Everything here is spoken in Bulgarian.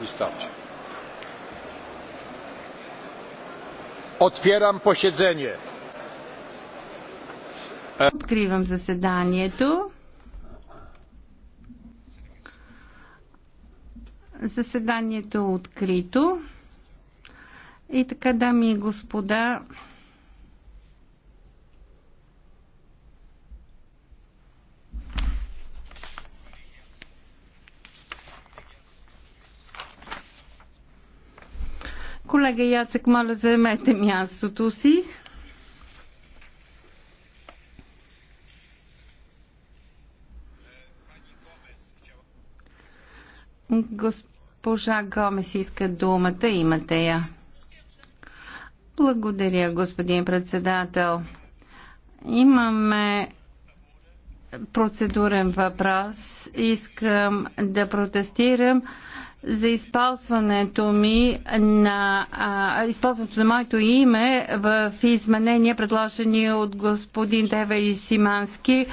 Wystarczy. Otwieram posiedzenie. Откривам заседанието. Заседанието е открито. И така, дами и господа, Колега Яцек, моля, заемете мястото си. Госпожа Гомес иска думата, имате я. Благодаря, господин председател. Имаме процедурен въпрос. Искам да протестирам за използването ми на а, използването на моето име в изменения, предложени от господин Дева и Симански